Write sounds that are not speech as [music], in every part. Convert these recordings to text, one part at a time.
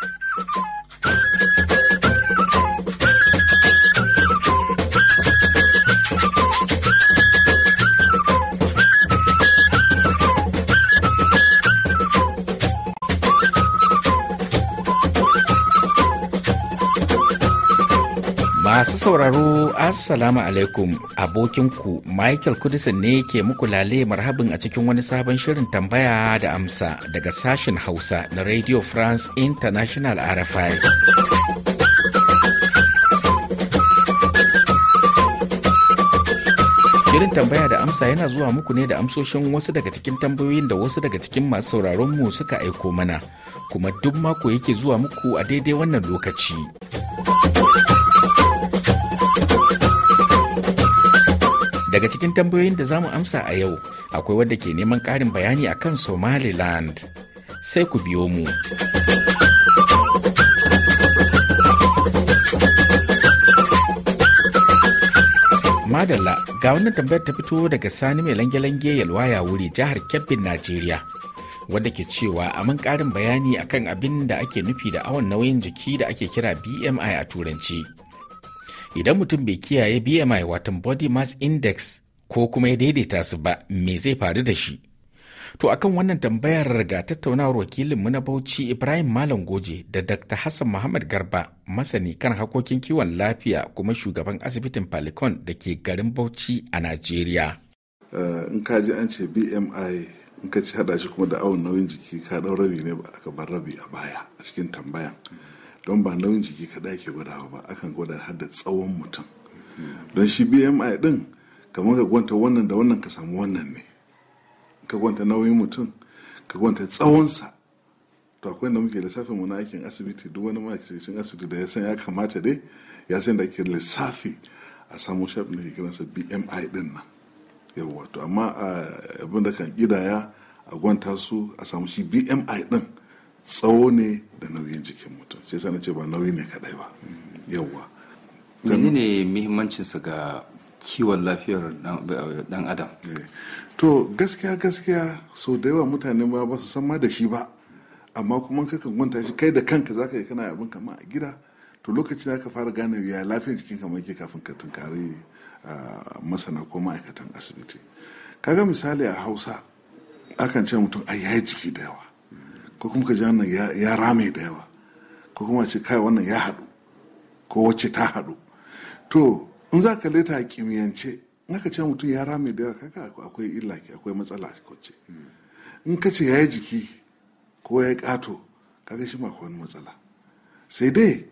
Thank you. sauraro Assalamu alaikum abokin ku Michael Kudisin ne ke muku lale marhabin a cikin wani sabon shirin tambaya da amsa daga sashen Hausa na Radio France International RFI. Shirin tambaya da amsa yana zuwa muku ne da amsoshin wasu daga cikin tambayoyin da wasu daga cikin masu sauraronmu suka aiko mana, kuma duk mako yake zuwa muku a daidai wannan lokaci. daga cikin tambayoyin da za mu amsa a yau akwai wadda ke neman ƙarin bayani a kan somaliland sai ku biyo mu madalla ga wannan tambayar ta fito daga sani mai lange-lange yalwaya wuri jihar kebbin najeriya wadda ke cewa a mun ƙarin bayani akan abin da ake nufi da awon nauyin jiki da ake kira bmi a turanci idan mutum bai kiyaye bmi watan body mass index ko kuma ya daidaita su ba me zai faru da shi to akan wannan tambayar ga tattaunawar wakilinmu na bauchi ibrahim malam goje da dr hassan muhammad garba masani kan hakokin kiwon lafiya kuma shugaban asibitin falcon da ke garin bauchi a nigeria. Eh, in ka ji an ce bmi in ka ci hada shi kuma da awon nauyin jiki ka dau rabi ne ba aka bar rabi a baya a cikin tambaya don ba nauyin jiki kaɗai ake gwadawa ba akan gwada har da tsawon mutum don shi bmi ɗin kamar ka gwanta wannan da wannan ka samu wannan ne ka gwanta nauyin mutum ka gwanta tsawonsa to akwai da muke lissafin mu na aikin asibiti duk wani ma'aikacin asibiti da ya san ya kamata dai ya san da ke lissafi a samu shafin da ke kiransa bmi din nan yawwa to amma ah, abin da kan kidaya a gwanta su a samu shi bmi ɗin. tsawo ne da nauyin jikin mutum shi ce ba nauyi ne kadai ba yawwa ne muhimmancinsa ga kiwon lafiyar dan adam eh. to gaskiya gaskiya so da yawa mutane ba ba su san ma da shi ba amma kuma kakan gwanta shi kai da kanka za zaka yi kana abin kama a gida to lokacin ka fara gane ya lafiyar jikin kamar yake kafin ka tunkari masana ko ma'aikatan asibiti kaga misali a hausa akan ce mutum ai yayi jiki da yawa ko kuma ka ji wannan ya rame da yawa ko kuma ce kai wannan ya haɗu ko wacce ta haɗu to in za ka leta a kimiyyance in ka ce mutum ya rame da yawa kaka akwai illa ki akwai matsala ce in ka ce ya yi jiki ko ya yi ƙato kaga shi ma wani matsala sai dai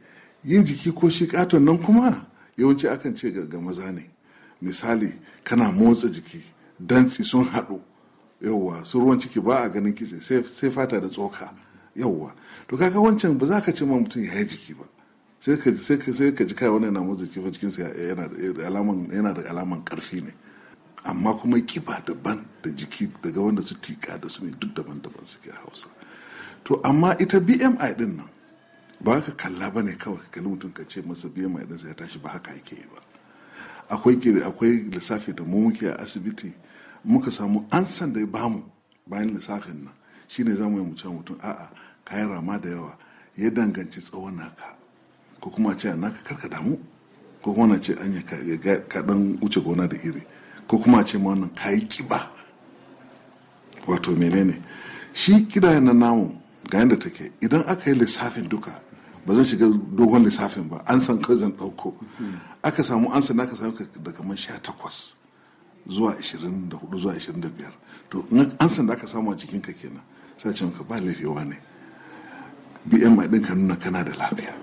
yin jiki ko shi ƙaton nan kuma yawanci akan ce ga maza ne misali kana motsa jiki dantsi sun haɗu yauwa su ruwan ciki ba a ganin kitse sai fata da tsoka yauwa to kaga wancan ba za ka ce ma mutum ya yi jiki ba sai ka ji kai wani yana motsa kifa cikin sa yana da alaman karfi ne amma kuma kiba daban da jiki daga wanda su tika da su ne duk daban-daban suke a Hausa to amma ita BMI din nan ba ka kalla ba ne kawai ka kalli mutum ka ce masa BMI din sa ya tashi ba haka yake yi ba akwai akwai lissafi da mu muke a asibiti muka samu ansan da ya bamu bayan lissafin nan shine za mu yi mutum mutum a'a yi rama da yawa ya danganci tsawon naka ko kuma ce a naka karka damu ko kuma na ce anya ka dan wuce gona da iri ko kuma ce ma wannan kayi kiba wato menene shi kida na namu ga yadda take idan aka yi lissafin duka ba zan shiga dogon lissafin ba an san kawai zan ɗauko aka samu an san naka samu da kamar sha takwas zuwa 24 zuwa 25 to an san da aka samu a jikinka kenan sai ce maka ba laifi ne bmi din ka nuna kana da lafiya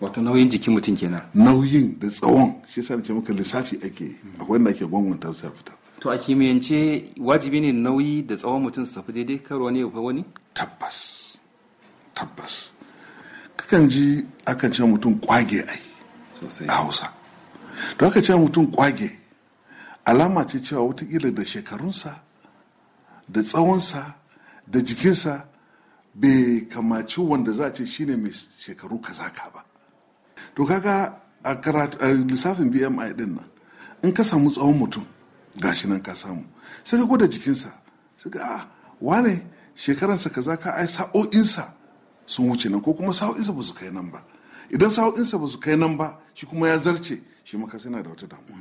wato nauyin jikin mutum kenan nauyin da tsawon shi sai ce maka lissafi ake akwai wanda ake gwangwanta su fita to a kimiyance wajibi ne nauyi da tsawon mutum su tafi daidai karo ne ya wani tabbas tabbas kakan ji akan ce mutum kwage ai a hausa to aka ce mutum kwage alama ce cewa watakila da shekarunsa da tsawonsa da jikinsa bai kamaci wanda za a ce shine mai shekaru kaza ka ba to kaga a lissafin bmi din nan in ka samu tsawon mutum gashi nan ka samu sai ka gwada jikinsa sai ka a ah, wane shekaransa kaza ka ai sa'o'insa sun wuce nan ko kuma sa'o'insa ba su kai nan ba idan sa'o'insa ba su kai nan ba shi kuma ya zarce shi maka sai na da wata damuwa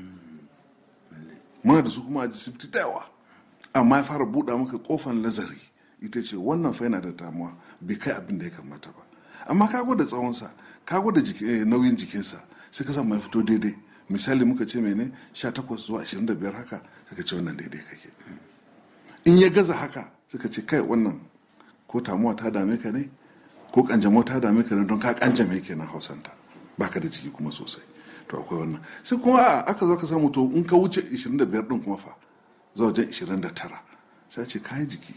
muna da su kuma a jisibti da yawa amma ya fara buɗa maka kofan lazari ita ce wannan fa yana da damuwa bai kai abin da ya kamata ba amma ka gwada tsawonsa ka gwada eh, nauyin jikinsa sai ka san mai fito daidai misali muka ce mene 18 zuwa 25 haka suka ce wannan daidai kake in ya gaza haka suka ce kai wannan ko tamuwa ta dame ka ne ko kanjamau ta dame ka ne don ka kanjame kenan hausanta baka da jiki kuma sosai to akwai wannan sai kuma a aka zo ka samu to in ka wuce 25 din kuma fa zuwa wajen 29 sai ce kayan jiki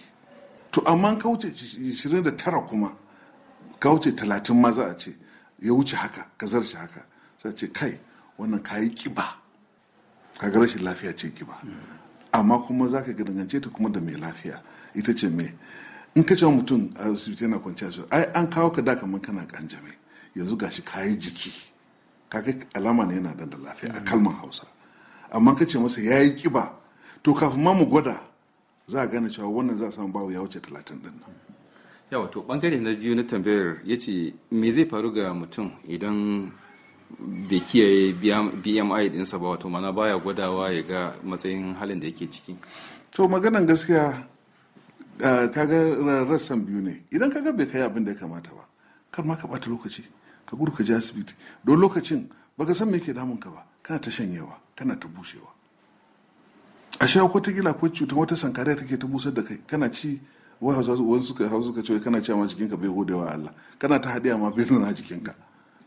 to amma ka wuce 29 kuma ka wuce 30 ma za a ce ya wuce haka ka zarce haka sai ce kai wannan kayi kiba ga rashin lafiya ce kiba amma kuma za ka dangance ta kuma da mai lafiya ita ce mai in ka ce mutum a asibiti yana kwanciya ai an kawo ka da kamar kana kanjame yanzu gashi kayi jiki kaga alama ne yana dan da lafiya a hmm. kalmar hausa amma ka ce masa ya yi kiba to kafin ma mu gwada za a gane cewa wannan za a samu bawo ya wuce talatin din nan yawa to bangare na biyu na tambayar ya ce me zai faru ga mutum idan bai kiyaye bmi dinsa ba wato mana baya gwadawa ya ga matsayin halin da yake ciki to maganan gaskiya ah, kaga rassan biyu ne idan kaga bai kai abin da ya kamata ba kar ma ka bata lokaci ka gudu ka je asibiti don lokacin baka san me yake damun ka ba kana ta shanyewa kana ta bushewa a sha ko ta gila ko cutar wata ta take ta busar da kai kana ci wai hausa wani suka hausa suka cewa kana ci ma jikinka bai wa Allah kana ta hadiya ma bai nuna jikinka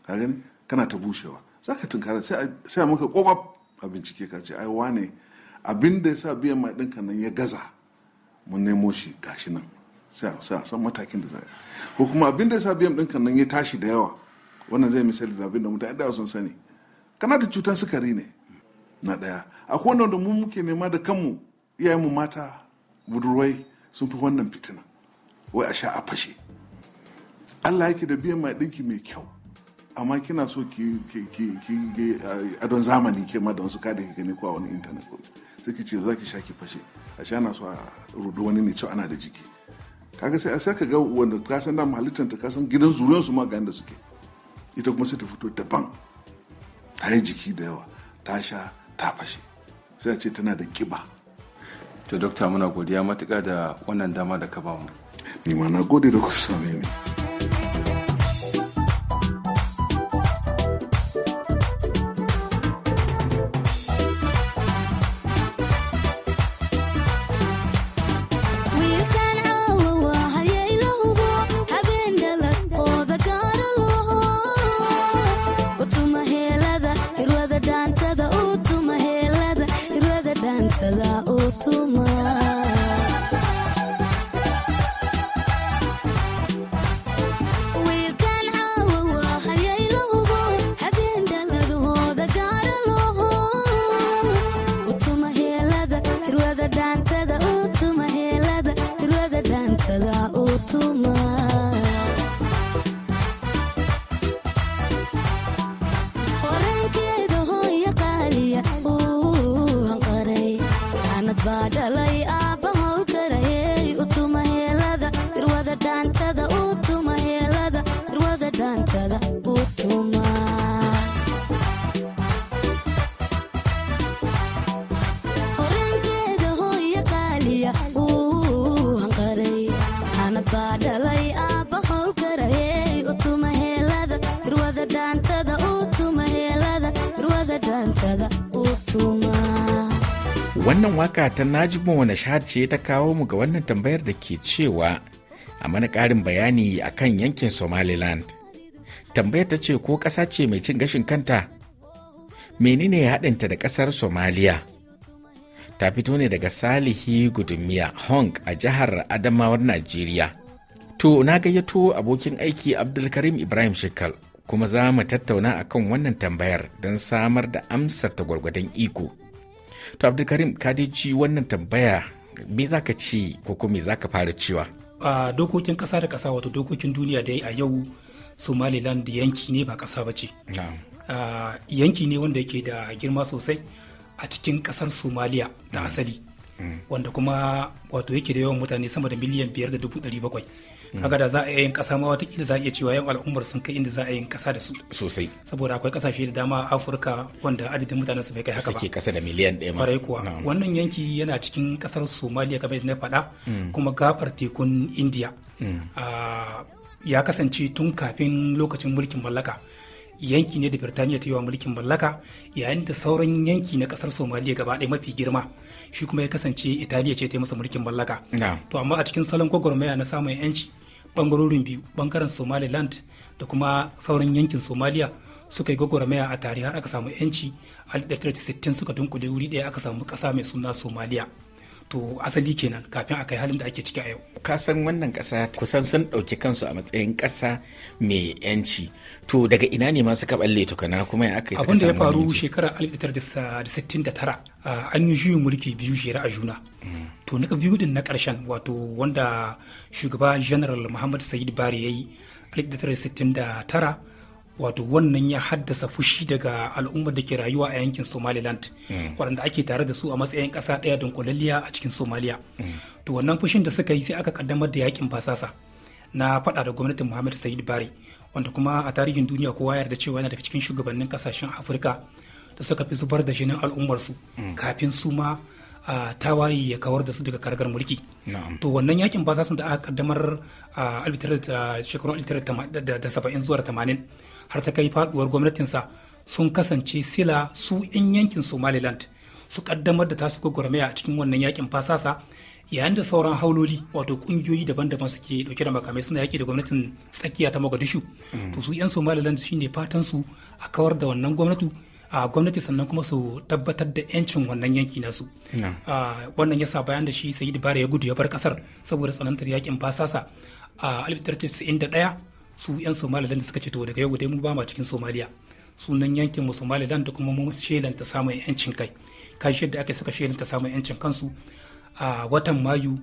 ka gani kana ta bushewa Za ka tunkara sai a maka kokop a bincike ka ce ai wane abin da ya sa biyan mai ɗinka nan ya gaza mun nemo shi gashi nan sai a san matakin da za ko kuma abin da ya sa biyan ɗinka nan ya tashi da yawa wannan zai misali da abin da mutane da sun sani kana da cutar sukari ne na daya akwai wannan da mu muke nema da kanmu iyayenmu mata budurwai sun fi wannan fitina wai a sha a fashe allah yake da biyan mai dinki mai kyau amma kina so ki eh, adon zamani ke ma da wasu kada ki gani ko a wani intanet sai ki ce za ki sha ki fashe a sha na so a rudu wani mai cewa ana da jiki kaga sai a sai ka ga wanda kasan da halittar ta kasan gidan zuriyar su ma ga yanda suke ita kuma sai ta fito daban ta yi jiki da yawa ta sha ta fashe sai a ce tana da kiba to dokta muna godiya matuƙa da wannan dama da ka ba mu ni ma na gode da ku same ni outro mar. Uh, wannan waka ta Najibu wani ce ta kawo mu ga wannan tambayar da ke cewa a mana karin bayani akan yankin somaliland tambayar ta ce ko ƙasa ce mai cin gashin kanta menene ya haɗinta da ƙasar somaliya ta fito ne daga salihi gudunmiya hong a jihar adamawar najeriya to na gayyato abokin aiki abdulkarim ibrahim shekal kuma za mu tattauna akan wannan tambayar don samar da amsar ta gwargwadon iko to abdulkarim ka ji wannan tambaya me za ka ce ko kuma me za ka fara cewa a dokokin ƙasa da ƙasa wato dokokin duniya da a yau somaliland yanki ne ba kasa ba ce ah, yanki ne wanda yake da girma sosai a cikin kasar somaliya da asali mm. wanda kuma wato yake da yawan mutane sama da miliyan biyar da dubu ɗari bakwai mm. kaga da za a yi kasa ma wata za a iya cewa yan al'ummar sun kai inda za a yi kasa da su sosai saboda akwai kasashe da dama a afirka wanda adadin mutanen su bai kai haka ba suke kasa da miliyan ɗaya ma kuwa wannan yanki yana cikin kasar somaliya kamar yadda na faɗa mm. kuma gafar tekun indiya ah, ya kasance tun kafin lokacin mulkin mallaka yanki ne da birtaniya ta yi wa mulkin mallaka yayin da sauran yanki na kasar somaliya gaba ɗaya mafi girma shi kuma ya kasance italiya ce ta yi masa mulkin mallaka to amma a cikin salon gwagwarmaya na samun yanci bangarorin biyu bangaren somaliland da kuma sauran yankin somaliya suka yi gwagwarmaya a tare har aka samu yanci a 1960 suka dunkule wuri ɗaya aka samu kasa mai suna somaliya to asali kenan kafin a kai halin da ake ciki a yau ka san wannan ƙasa kusan sun ɗauki kansu a matsayin ƙasa mai yanci to daga ina ne ma suka balle kana kuma ya aka yi abin da ya faru shekara 1969 an yi juyin mulki biyu shera a juna to na biyu din na karshen. wato wanda shugaba general muhammad sayid bari ya yi 1969 wato wannan ya haddasa fushi daga al'ummar da ke rayuwa a yankin somaliland mm. waɗanda ake tare da su a matsayin ƙasa ɗaya dunkulalliya a cikin somaliya mm. to wannan fushin da suka yi sai aka kaddamar da yakin fasasa na faɗa da gwamnatin muhammad sayid bari wanda kuma a tarihin duniya kowa yarda cewa yana daga cikin shugabannin ƙasashen afirka da suka fi zubar da jinin al'ummarsu mm. kafin su ma a tawaye ya kawar da su daga kargar mulki to wannan yakin basasun da aka kaddamar a shekarun 1970 zuwa har ta kai faduwar gwamnatinsa sun kasance sila su 'yan yankin somaliland su kaddamar da tasu gwagwarmaya a cikin wannan yakin fasasa yayin da sauran hauloli wato kungiyoyi daban-daban suke dauke da makamai suna yaki da gwamnatin tsakiya ta mogadishu mm. to su 'yan somaliland shi ne fatan su a kawar da wannan gwamnati a gwamnati sannan kuma su tabbatar da 'yancin wannan yanki nasu wannan yasa bayan da shi sayi dabara ya gudu ya bar kasar saboda tsanantar yakin fasasa a 1991 su 'yan somaliland da suka ce to daga yau dai mu ba ma cikin somaliya sunan yankin mu somaliland da kuma mu shelanta samun 'yancin kai kashi yadda aka suka shelanta samun 'yancin kansu a watan mayu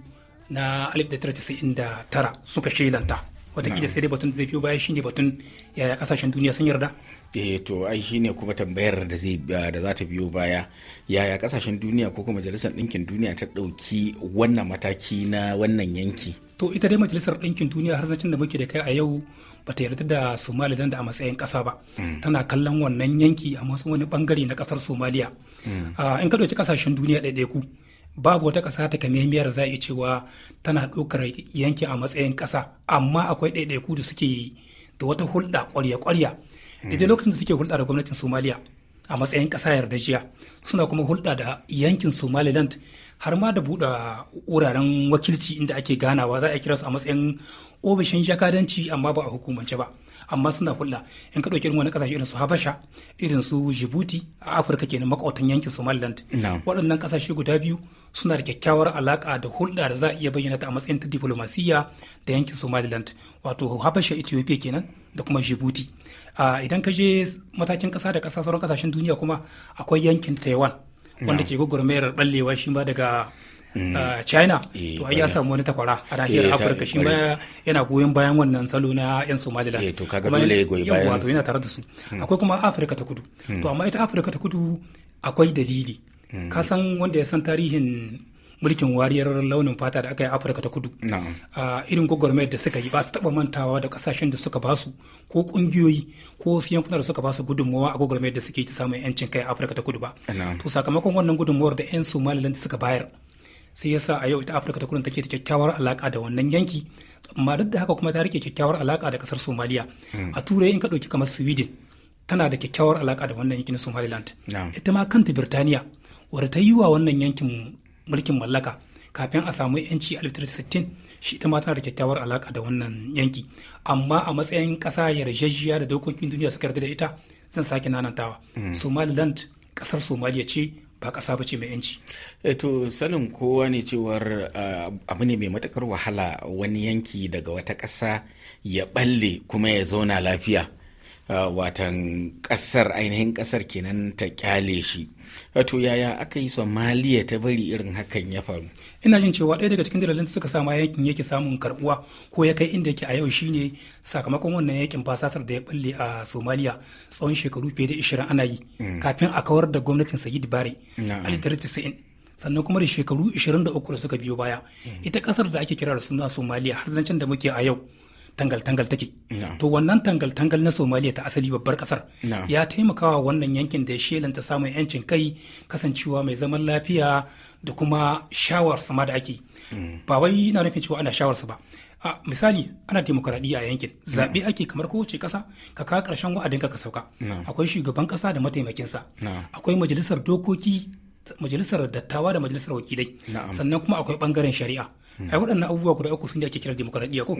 na 1999 suka shelanta watakila sai dai batun da zai biyo baya shine batun yaya kasashen duniya sun yarda eh to ai shine kuma tambayar da zai da za ta biyo baya yaya kasashen duniya ko kuma majalisar ɗinkin duniya ta ɗauki wannan mataki na wannan yanki to ita dai majalisar ɗinkin duniya har zancen da muke da kai a yau bata yarda da da a matsayin ƙasa ba hmm. tana kallon wannan yanki a matsayin wani bangare na ƙasar somaliya hmm. ah, in ka ɗauki kasashen duniya ɗaiɗaiku babu wata ƙasa ta kamemiyar za yi cewa tana ɗaukar yanki a matsayin ƙasa amma akwai ɗaiɗaiku da suke da wata hulɗa ƙwarya-ƙwarya hmm. da lokacin da suke hulɗa da gwamnatin somaliya a matsayin ƙasa jiya suna kuma hulɗa da yankin somaliland har ma da buɗe wuraren wakilci inda ake ganawa za a kira su a matsayin ofishin jakadanci amma ba a hukumance ba amma suna hulɗa in ka ɗauki irin wani ƙasashe irin su habasha irin su jibuti a afirka kenan makwautan yankin somaliland waɗannan ƙasashe guda biyu suna da kyakkyawar alaka da hulɗa da za a iya bayyana ta a matsayin ta diplomasiyya da yankin somaliland wato habasha ethiopia kenan da kuma djibouti idan ka je matakin ƙasa da ƙasa sauran ƙasashen duniya kuma akwai yankin taiwan wanda ke gwagwarmayar ɓallewa shi ma daga mm. china eh, to ai ya samu wani takwara a nahiyar eh, afirka shi ma yana goyon bayan wannan salo na yan somaliland eh, to kaga dole goyi bayan yana tare da su mm. akwai kuma afirka ta kudu to mm. amma ita afirka ta kudu akwai dalili Mm. ka san wanda ya san tarihin mulkin wariyar launin fata da aka yi afirka ta kudu a irin gwagwarmayar da suka yi ba su taba mantawa da kasashen da suka basu ko kungiyoyi ko wasu yankuna da suka basu gudunmawa a gwagwarmayar da suke ta samun yancin kai afirka ta kudu ba to sakamakon wannan gudunmawar da yan somaliland suka bayar sai yasa a yau ita afirka ta kudu take da kyakkyawar alaka da wannan yanki amma duk da haka kuma ta rike kyakkyawar alaka da kasar somaliya mm. a turai in ka ɗauki kamar sweden tana da kyakkyawar alaka da wannan yankin somaliland ita ma kanta birtaniya wadda ta yi wa wannan yankin mulkin mallaka kafin a samu yanci a 1960 shi ita ma tana da kyakkyawar alaka da wannan yanki amma a matsayin ƙasa yarjejiya da dokokin duniya suka yarda da ita zan sake nanantawa hmm. somaliland ƙasar somaliya ce ba ƙasa ba ce mai yanci. Eh, to sanin kowa ne cewar ah, abu ne mai matakar wahala wani yanki daga wata ƙasa ya balle kuma ya zauna lafiya Ah, watan kasar ainihin kasar kenan ta kyale shi wato yaya aka yi somaliya ta bari irin hakan ya faru ina jin cewa ɗaya daga cikin dalilan da suka samu yakin yake samun karbuwa ko ya kai inda yake a yau shine sakamakon wannan yakin fasasar da ya balle a somaliya tsawon shekaru fiye da 20 ana yi mm. kafin a kawar da gwamnatin sayid bare a sannan kuma da shekaru 23 da suka biyo baya mm. ita kasar da ake kira da suna somaliya har zancen da muke a yau tangal-tangal take to wannan tangal-tangal na somaliya ta asali babbar kasar ya taimakawa wannan yankin da ya shelanta samun yancin kai kasancewa mai zaman lafiya da kuma shawar sama da ake mm. ba wai na nufin cewa ana shawarsa ba a misali ana demokaradi a yankin zaɓe ake kamar kowace ƙasa ka kawo ƙarshen wa'adin ka sauka akwai shugaban ƙasa da mataimakinsa akwai majalisar dokoki majalisar dattawa da majalisar wakilai sannan kuma akwai ɓangaren shari'a Hmm. ai waɗannan abubuwa guda uku sun da ake kira demokaradiyya ko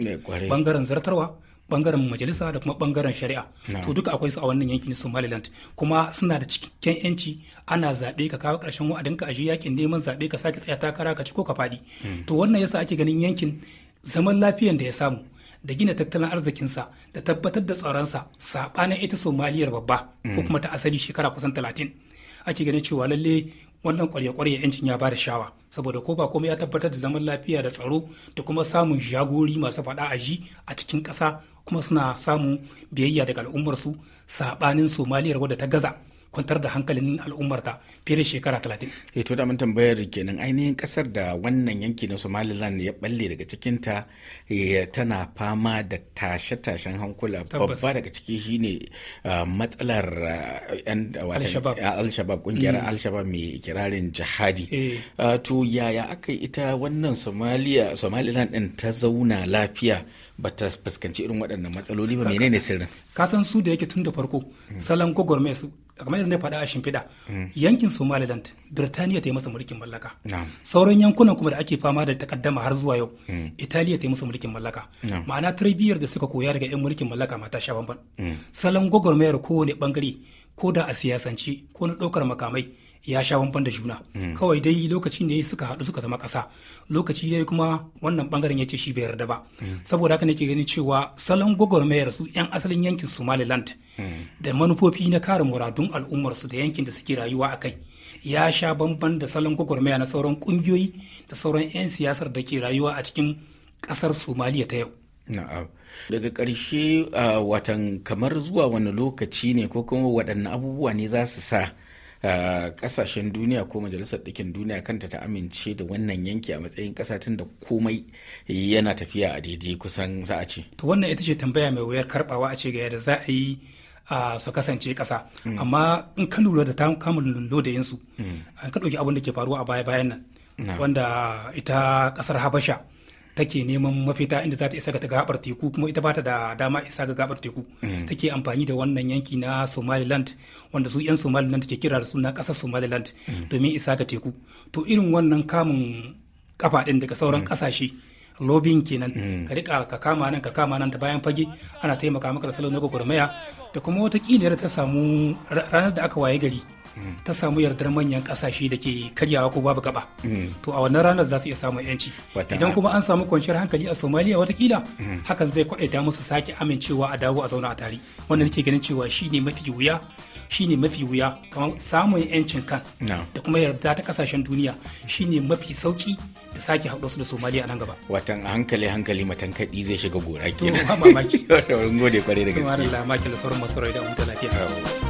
bangaren eh, zartarwa bangaren majalisa da kuma bangaren shari'a to duka akwai su a wannan yankin somaliland kuma suna da cikakken yanci ana zaɓe ka kawo ƙarshen wa'adin ka a yakin neman zaɓe ka sake tsaya takara ka ci ko ka faɗi hmm. to wannan yasa ake ganin yankin zaman lafiyan da ya samu da gina tattalin arzikinsa da tabbatar da tsaronsa saɓanin ita somaliyar babba ko hmm. kuma ta asali shekara kusan talatin ake ganin cewa lalle wannan kwarya-kwarya yancin ya bada shawa saboda ko ba komai ya tabbatar da zaman lafiya da tsaro da kuma samun jagori masu faɗa a ji a cikin ƙasa kuma suna samun biyayya daga al'ummarsu saɓanin somaliyar wadda ta gaza kwantar da hankalin ta fiye shekara talatin. Eh, to da min tambayar kenan ainihin kasar da wannan yanki na Somaliland ya balle daga cikinta eh, tana fama da tashe-tashen hankula babba daga ciki shine ah, matsalar ah, yan al-shabab kungiyar ah, mm. al-shabab mai kirarin jihadi. Eh. To yaya aka ita wannan Somaliland din ta zauna lafiya ba ta fuskanci irin waɗannan matsaloli ba menene sirrin? ka san su da yake tun da farko mm. salon gwagwarmaya su kamar yadda na faɗa a shimfiɗa yankin somaliland birtaniya ta yi masa mulkin mallaka sauran yankunan kuma da ake fama da takaddama har zuwa yau hmm. italiya ta yi masa mulkin mallaka ma'ana tarbiyyar da suka koya daga 'yan mulkin mallaka mata sha bamban hmm. salon gwagwarmayar kowane bangare ko da a siyasance ko na ɗaukar makamai ya sha bamban da juna kawai dai lokacin ne suka haɗu suka zama ƙasa lokaci dai kuma wannan bangaren ya ce shi bai yarda ba saboda haka nake ganin cewa salon gwagwarmayar su 'yan asalin yankin somaliland da manufofi na kare muradun su da yankin da suke rayuwa a kai ya sha bamban da salon gwagwarmaya na sauran ƙungiyoyi da sauran 'yan siyasar da ke rayuwa a cikin ƙasar somaliya ta yau daga ƙarshe ah, watan kamar zuwa wani lokaci ne ko kuma waɗanne abubuwa ne za su sa kasashen duniya ko majalisar ɗikin duniya kanta ta amince da wannan yanki a matsayin ƙasa tun da komai yana tafiya a daidai kusan za a ce. To wannan ita ce tambaya mai wuyar karɓawa a ce ga yadda za a yi su kasance ƙasa. Mm. Amma in ka lura da ta kama da an ka ɗauki abin da ke faruwa a baya-bayan nan. Wanda ita ƙasar Habasha. take neman mafita inda za ta isa ga gabar teku kuma ita ba ta da dama isa ga gabar teku mm. take amfani da wannan yanki na somaliland wanda su 'yan somaliland ke kira da suna kasar somaliland mm. domin isa ga teku to irin wannan kamun kafa ɗin daga sauran kasashe mm. lobin kenan ka rika ka kama nan ka kama nan ta bayan fage ana taimaka maka da salon na gwagwarmaya da kuma wata kila ta samu ranar da aka waye gari ta samu yardar manyan kasashe da ke karyawa ko babu gaba mm. to a wannan ranar za su iya samun yanci idan kuma an samu kwanciyar hankali a somaliya watakila mm. hakan zai kwaɗaita musu sake amincewa a dawo a zauna a tare wanda nake ganin cewa shine mafi wuya shine mafi wuya kamar samun yancin kan da kuma yarda ta kasashen duniya shine mafi sauki da sake haɗu su da somaliya nan gaba watan hankali hankali matan kaɗi zai shiga gora kenan to mamaki [laughs] gode kwarai da gaske to da sauran masarai da huta lafiya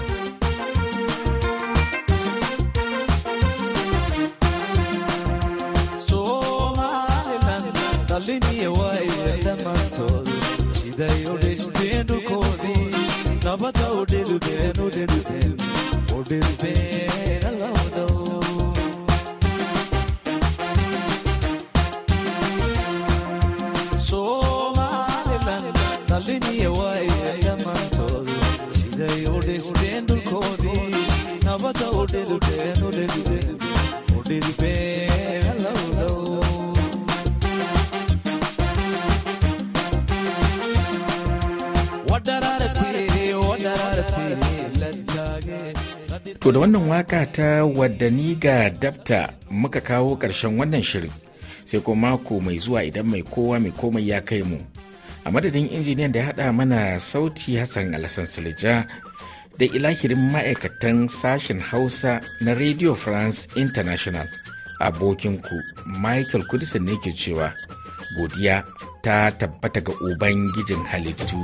dhalinya waaida dhammaantood siday u dhaysteen dhulkoodii nabada u dhidubeen u dhidubeen u dhidubeen allaw dhow somalilan dhalinya waaida dhammaantood siday u dhaysteen dhulkoodii nabada u dhidubeen u dhidubeen u dhidubeen To da wannan waka ta waddani ga dabta muka kawo ƙarshen wannan shirin sai kuma mako mai zuwa idan mai kowa mai komai ya kai mu. A madadin injiniyan da ya haɗa mana sauti Hassan Alhassan Silija da ilahirin ma'aikatan sashen Hausa na Radio France International abokinku Michael Kudisin ne ke cewa godiya ta tabbata ga Ubangijin halittu.